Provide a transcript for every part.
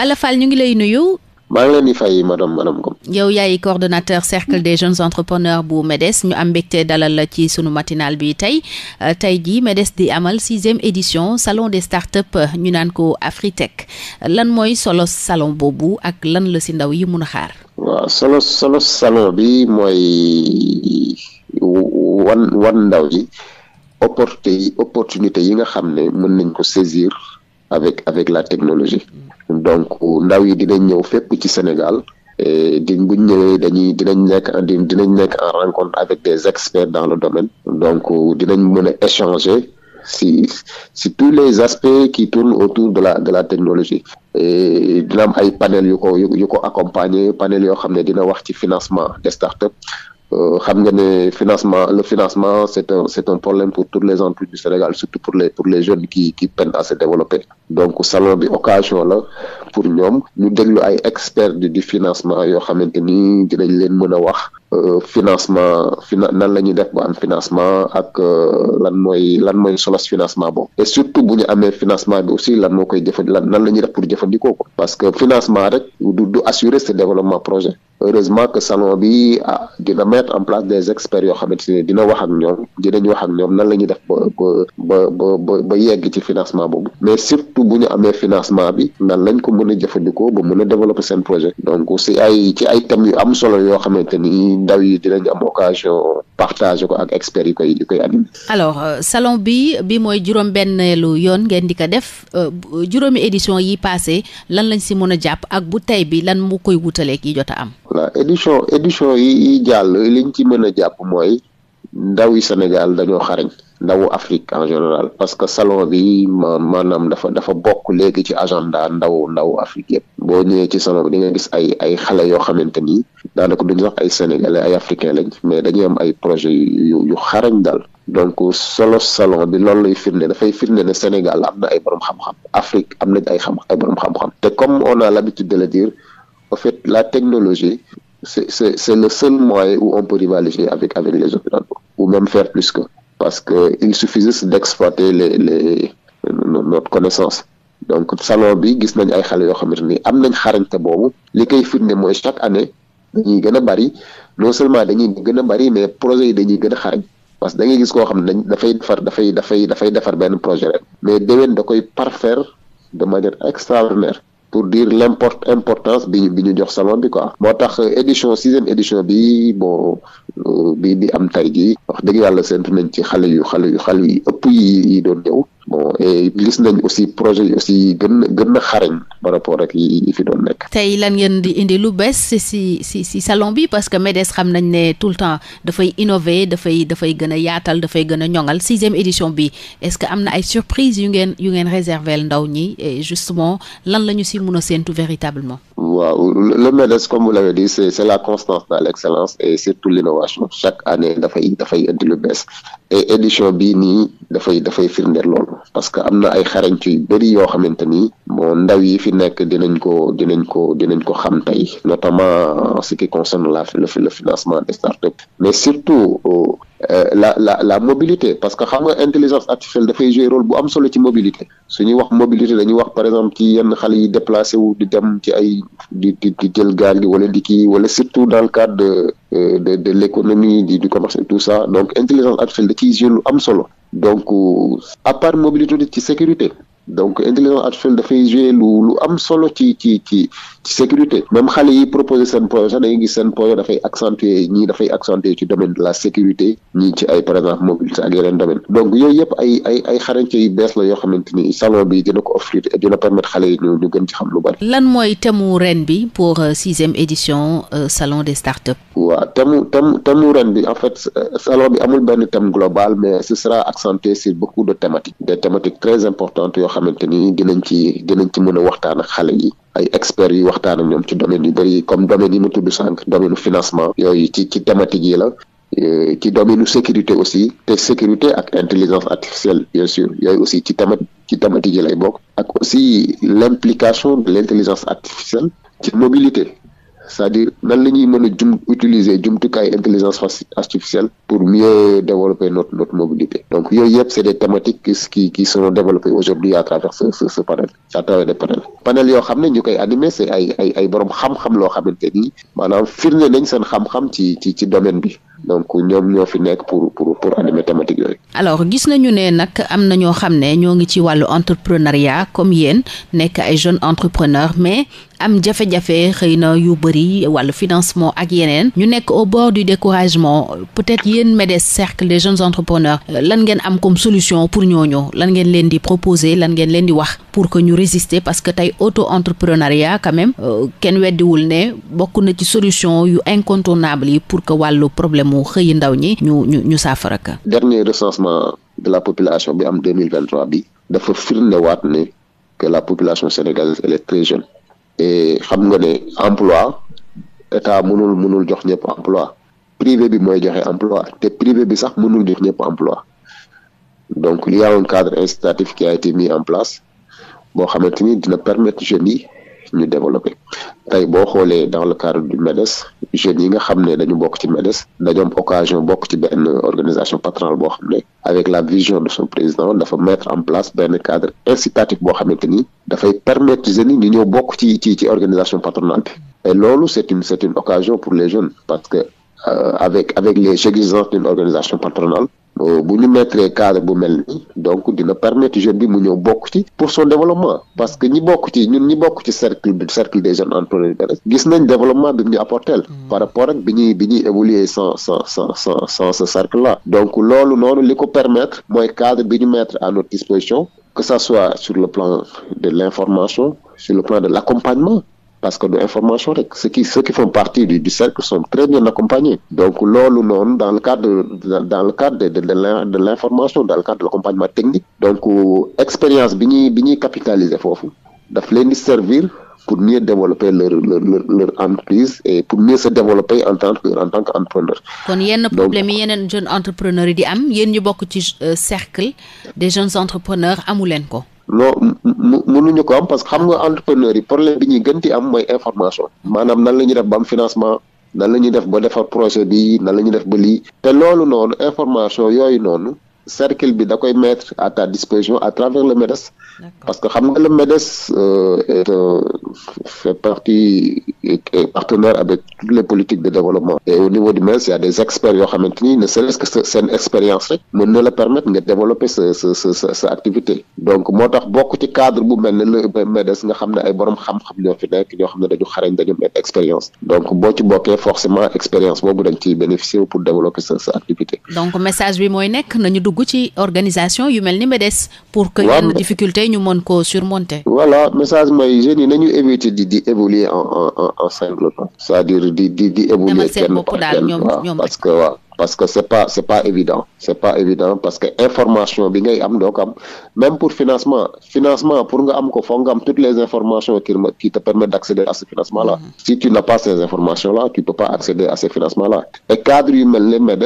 Balla Fall ñu ngi lay nuyu. maa ngi leen di fay madame madame Ngom. yow yaay coordonnateur cercle des jeunes entrepreneurs bu MEDES ñu am mbégte dalal la ci sunu matinal bi tey euh, tey jii MEDES di amal sixième édition salon des startups ñu naan ko Afritech lan mooy solo salon boobu ak lan la si ndaw yi mun a xaar. waaw solo solo salon bi mooy wan wan ndaw yi opportunité yi nga xam ne mën nañ ko saisir. avec avec la technologie donc euh, ndaw yi dinañ ñëw fépp ci Sénégal di buñ ñëwee dañuy dinañ nekk dinañ nekk en rencontre avec des experts dans le domaine donc euh, dinañ mën a échanger si si tous les aspects qui tournent autour de la de la technologie et dina am panel yu ko yu ko accompagner panel yoo xam ne dina wax ci financement des startups euh, xam nga ne financement le financement c'est un c'est problème pour toutes les entreprises du Sénégal surtout pour les jeunes qui qui à se développer donc salon bi occasion la pour ñoom ñu déglu ay experts du du financement yoo xamante ni dinañ leen mën a wax euh, financement fina nan la ñuy def ba am financement ak euh, lan mooy lan mooy solos financement boobu et bu ñu amee financement bi aussi lan moo koy jëfandikoo lan la ñuy def pour jëfandikoo ko parce que financement rek du du assurer ce développement projet heureusement que salon bi ah dina mettre en place des experts yoo xamante ni dina wax ak ñoom dinañ wax ak ñoom nan la ñuy def ba ba ba ba ba yegg ci financement boobu mais surtout surtout bu ñu amee financement bi nan lañ ko mën a jëfandikoo ba mën a développer seen projet donc si ay ci ay thèmes am solo yoo xamante ni ndaw yi dinañ am occasion partager ko ak experts yi koy yi koy animé. Euh, salon bi bi mooy juróom-benneelu yoon ngeen di ko def euh, juróomi édition yi passé lan lañ si mën a jàpp ak bu tey bi lan mu koy wutalee ki jot a am. voilà édition yi yi jàll liñ ci mën a jàpp mooy. ndaw yi Sénégal dañoo xarañ ndawu Afrique en général parce que salon bi maanaam dafa dafa bokk léegi ci daal ndaw ndawu Afrique yëpp boo ñëwee ci salon bi di nga gis ay ay xale yoo xamante ni daanaka duñ sax ay sénégalais ay africains mais dañuy am ay projet yu yu xarañ daal donc solo salon bi loolu lay firnde dafay firnde ne Sénégal am na ay borom xam-xam Afrique am nañ ay xam ay borom xam-xam te comme on a l'habitude de le dire en fait la technologie c'est c'est c'est le seul moyen où on peut rivaliser avec avec ou même faire plus que parce que il suffisait d'exploiter le les notre connaissance donc salon bi gis nañ ay xale yoo xamante ni am nañ xarañ ka boobu li koy firnde mooy chaque année dañuy gën a bari non seulement dañuy gën a bari mais projet yi dañuy gën a xarañ parce que da ngay gis koo xam ne dañ dafay defar dafay dafay dafay defar benn projet rek mais déwén da koy parfaire de manière extraordinaire pour dire l'import importance bi bi ñu jox salon bi quoi moo tax euh, édition sixième édition bi bon euh, bi bi am tay gi wax dëgg yàlla séntu nañ ci xale yu xale yu xale yu ëpp yi yi doon ñëw bon et gis nañ aussi projet yi aussi gën gën a xarañ par rapport ak yi fi doon nekk. tey lan ngeen di indi lu bees si si si salon bi parce que MEDES xam nañ ne tout le temps dafay innover dafay dafay gën a yaatal dafay gën a ñoŋal sixième édition bi es ce que am na ay surprise yu ngeen yu ngeen réserver ndaw ñi et justement lan la ñu si mun a séntu véritablement. waaw le MEDES comme vous la dit c'est c'est la constance dans l'excellence et surtout l'innovation chaque année dafay dafay indi lu bees et édition bii nii dafay dafay firndeel loolu. parce que am na ay xarañte yu bëri yoo xamante ni bon ndaw yi fi nekk dinañ ko dinañ ko dinañ ko xam tey notamment en ce qui concerne la le, le financement des startups mais surtout euh, Euh, la la la mobilité parce que xam nga intelligence artificielle dafay jouer rôle bu am solo ci mobilité su ñuy wax mobilité dañuy wax par exemple ci yenn xale yi déplacé wu di dem ci ay di di jël gaal gi wala di kii wala surtout dans le cadre de euh, de de l'économie du commerce et tout ça donc intelligence artificielle da ciy jouer lu am solo donc euh, à part mobilité ci sécurité donc intelligence artificielle dafay jouer lu lu am solo ci ci ci. sécurité même xale yi proposé seen projet sax da ngay gis seen projet dafay accentuer ñii dafay accentuer ci domaine de la sécurité ñii ci ay par exemple mobilité ak yeneen domaine donc yooyu yëpp ay ay ay xarañte bees la yoo xamante ni salon bi dina ko offrir et dina permettre xale yi ñu ñu gën ci xam lu bari. lan mooy temu ren bi pour euh, sixième édition euh, salon des startups. waaw temu temu temu ren bi en fait euh, salon bi amul benn thème global mais ce sera accentué sur beaucoup de thématiques des thématiques très importantes yoo xamante ni dinañ ci dinañ ci mën a waxtaan ak xale yi. ay experts yuy waxtaan ak ñoom ci domaine yu bëri comme domaine yi ma tudd sànq domaine financement yooyu ci ci thématique yi la euh, ci domaine sécurité aussi te sécurité ak intelligence artificielle bien sûr yooyu aussi ci thématique ci thématique yi lay bokk ak aussi l'implication de l'intelligence artificielle ci mobilité c'est-à-dire nan la ñuy mën a jum jumtukaay intelligence artificielle pour mieux développer notre notre mobilité donc yooyu yëpp c'est des thématiques qui qui seront développées aujourd'hui à travers ce panel yoo xam ne ñu koy animé c'est ay ay xam-xam loo xamante ni maanaam firnde nañ seen xam-xam ci ci ci domaine bi donc ñoom ñoo fi nekk pour pour pour animer thématique yooyu. alors gis nañu ne nag am na ñoo xam ne ñoo ngi ci wàllu entrepreneuriat comme yéen nekk ay jeunes entrepreneurs mais. am jafe-jafe xëy na yu bëri wala financement ak yeneen ñu nekk au bord du découragement peut-être yéen MEDES cercle des jeunes entrepreneurs euh, lan ngeen am comme solution pour ñooñu lan ngeen leen di proposer lan ngeen leen di wax pour que ñu résister parce que tey auto entrepreneuriat quand même euh, kenn weddiwul ne bokk na ci solution yu incontournable yi pour que wàllu problème mu xëy ndaw ñi ñu ñu ñu saafara ka dernier recensement de la population bi am deux mille vingt trois bi la population xam nga ne emploi état mënul mënul jox ñëpp emploi privé bi mooy joxe emploi te privé bi sax munul jox ñëpp emploi donc il a un cadre incitatif qui a été mis en place boo xamante ni dina permettre jeunes yi ñu développer tey boo xoolee dans le cadre du MEDES jeunes yi nga xam ne dañu bokk ci MEDES dañu am occasion bokk ci benn organisation patronale boo xam ne avec la vision de son président dafa mettre en place benn cadre incitatif boo xamante ni dafay permettre jeunes yi ñu ñëw bokk ci ci ci organisation patronale bi et loolu c'est une occasion pour les jeunes parce que euh, avec avec les exigences d'une organisation patronale Euh, bu ñu mettre cadre bu mel ni donc dina permettre jeune bi mu ñëw bokk ci pour son développement parce que ñi bokk ci ñun ñi bokk ci cercle cercle des jeunes entrepreneurs gis nañ développement bi mu ñu apporteel mm. par rapport ak bi ñu bi ñuy évoluer sans sans sans sans sans ce cercle là donc loolu noonu li ko permettre mooy cadre bi ñu mettre à notre disposition que ça soit sur le plan de l'information sur le plan de l'accompagnement parce que du information rek ceux qui ceux qui font partie du, du cercle sont très bien accompagnés donc loolu noonu dans le cadre de, dans le cadre de de de l'information dans le cadre de l'accompagnement technique donc expérience bi ñuy bi ñuy capitaliser foofu dafa leen di servir pour mieux développer leur leur leur, leur entreprise et pour mieux se développer en tant que en tant que entrepreneur. kon yenn problème yi yeneen jeunes entrepreneurs yi di am yéen ñu bokk ci euh, cercle des jeunes entrepreneurs amu leen ko. mu mënuñu ko am parce que xam nga entrepreneur yi problème bi ñuy gën di am mooy information maanaam nan la ñuy def bam financement. nan la ñuy def ba defar projet bi nan la ñuy def ba lii te loolu noonu information yooyu noonu cercle bi da koy mettre à ta disposition à travers le MEDES. parce que xam nga le MEDES euh, est euh, fait partie est partenaire avec toutes les politiques de développement et au niveau du MEDES il a des experts yoo xamante ni ne serait-ce que seen expérience rek mën na la permettre nga développer sa sa sa sa activité donc moo tax bokk ci cadre bu mel ne le MEDES nga xam ne ay borom xam-xam ñoo fi nekk ñoo xam ne dañu xarañ dañu mettre expérience donc boo ci bokkee forcément expérience boobu dañ ciy bénéficier pour développer sa sa dugg ci message mooy jeunes yi nañu éviter di di évoluer en en en en singleton cest à pas évident c'est pas évident parce que information bi ngay am doo ko am même pour financement pour nga am ko foog nga am toutes les informations qui te permettent d'accéder à ce financement là mm-hmm. si tu n'as pas ces informations là tu peux pas accéder à ces financements là et cadre yu mel ne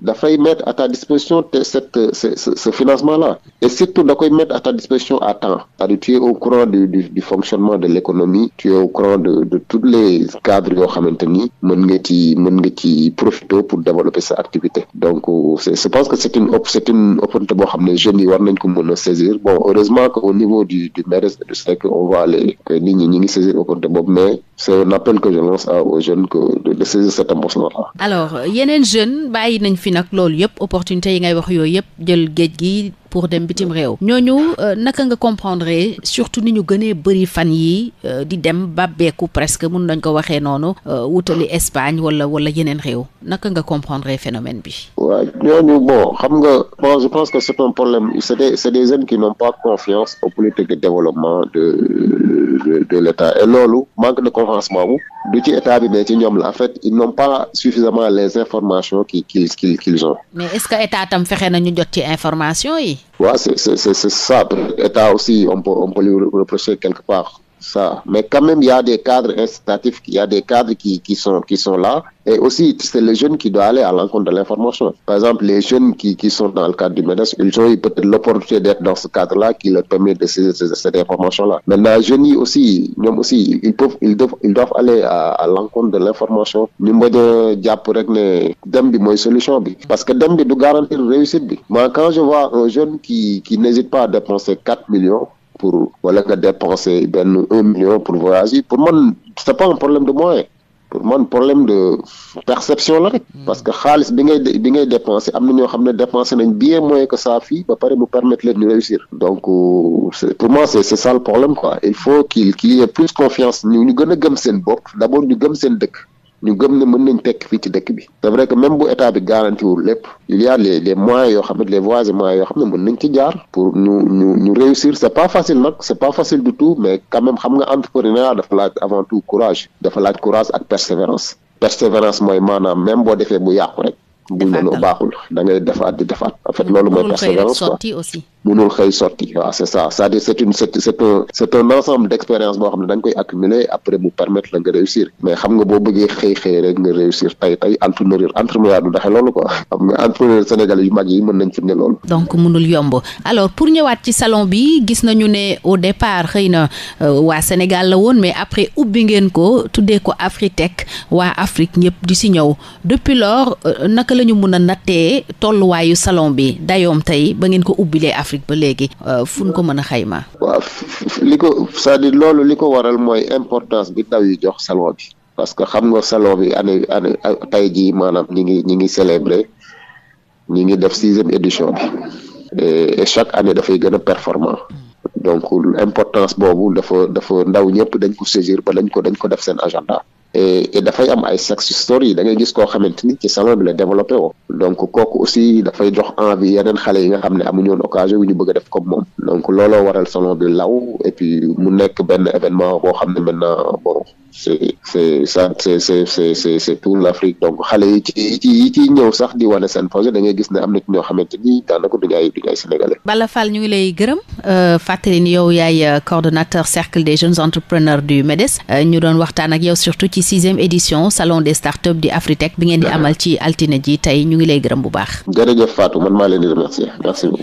dafay mettre à ta disposition te cette ce, ce, financement-là et surtout da mettre à ta disposition à temps cest es au courant du fonctionnement de l'économie tu es au courant de tous les cadres yoo xamante ni mën nga ci mën nga ci profiter pour développer sa activité donc euh, je pense que c'est une c'est une xam ne jeunes yi war nañ ko mën a saisir bon heureusement que au niveau du du MEDES du SEC on voit ñi ñi saisir opportunité boobu mais c'est un appel que je lance aux jeunes que de, de saisir fi nag loolu yëpp opportunité yi ngay wax yooyu yëpp jël géej gi pour dem bitim réew ñooñu euh, naka nga comprendre eh, surtout ni ñu gënee bëri fan yi euh, di dem bàbbeeku presque mun nañ ko waxee noonu euh, wutali Espagne wala wala yeneen réew naka nga comprendre eh, phénomène bi. waaw ñooñu bon xam nga bon je pense que c'est un problème c'est des c'est des jeunes qui n'ont pas confiance aux politiques de développement de l'État et loolu manque de confiance boobu du ci état bi mais ci ñoom la en fait ils n'ont pas suffisamment les informations Voilà, c'est ça. aussi, on peut, on reprocher quelque part ça. Mais quand même, il y a des cadres incitatifs, il y a des cadres qui, qui, sont, qui sont là. Et aussi, c'est le jeune qui doit aller à l'encontre de l'information. Par exemple, les jeunes qui, qui sont dans le cadre du MEDES, ils ont eu peut-être l'opportunité d'être dans ce cadre-là qui leur permet de saisir cette information-là. Maintenant, les jeunes aussi, doivent, aller à, l'encontre de l'information. ñu mën a jàpp rek dem bi mooy solution bi. parce que dem bi du garantir réussite bi. Moi, quand je vois un jeune qui, qui pour wala nga dépenser benn un million pour voyager pour man c'est pas un problème de moyen pour man problème de perception la rek. Hmm. parce que xaalis bi ngay bi ngay dépensé am na ñoo xam ne dépensé nañ bien moins que ça fii ba pare mu permettre leen ñu réussir. donc euh, pour moi c'est c'est ça le problème quoi il faut qu'il qu'il y ait plus confiance ñu ñu gën a gëm seen bopp d'abord ñu gëm seen dëkk. ñu gëm ne mën nañ tekk fii ci dëkk bi c'est vrai que même bu état bi garantiwul lépp il y a les les moyens yoo xam ne les voies yoo xam ne mën nañ ci jaar pour ñu ñu ñu réussir c'est pas facile nag c'est pas facile du tout mais quand même xam nga entrepreneuriat dafa laaj avant tout courage dafa laaj courage ak persévérance persévérance mooy maanaam même boo defee bu yàqu rek. bul ne loo baaxul da ngay defaat di defaat. a fait loolu mooy persévérance quoi mënul xëy sotti waaw c' est c'est-à-dire c' est une c' boo xam ne dañ koy accumuler après mu permettre la nga réussir mais xam nga boo bëggee xëy xëy rek nga réussir tey tey entrepreneur entrepreneur du daxe loolu quoi xam nga entrepreneur sénégalais yu mag yi mën nañ fi ne loolu donc mënul yomb alors pour ñëwaat ci salon bi gis nañu ne au départ xëy na euh, waa Sénégal la woon mais après ubbi ngeen ko tuddee ko Afritech waa Afrique ñëpp di si ñëw depuis lors euh, naka la ñu mun a nattee tolluwaayu salon bi dayoom tey ba ngeen ko Afrique ba léegi euh, fu ñu ko mën a xayma. waaw li ko cest loolu li ko waral mooy importance bi ndaw yi jox salon bi parce que xam nga salon bi année année tey jii maanaam ñi ngi ñi ngi célébrer ñi ngi def sixième édition bi et chaque année dafay gën a performant donc importance boobu dafa dafa ndaw ñëpp dañ ko saisir ba dañ ko dañ ko def seen agenda. et dafay am ay success story da ngay gis koo xamante ni ci salon bi la développé woo donc kooku aussi dafay jox envie yeneen xale yi nga xam ne amuñu woon occasion bi ñu bëgg a def comme moom donc looloo waral salon bi law et puis mu nekk benn événement boo xam ne maintenant bon c'est c'est ça c'est c'est c'est c'est c'est tout l'Afrique donc xale yi ci ci ñëw sax di wane seen projet da ngay gis ne am na ci ñoo xamante ni daanaka duñu ay duñu ay sénégalais. lay gërëm euh, fàttali ni yow yaay euh, coordonnateur cercle des jeunes entrepreneurs du MEDES euh, ñu ak sixième édition salon des startups di Afritech bi ngeen di amal ci altine ji tey ñu ngi lay gërëm bu baax. jërëjëf Fatou man maa leen remercier merci beaucoup.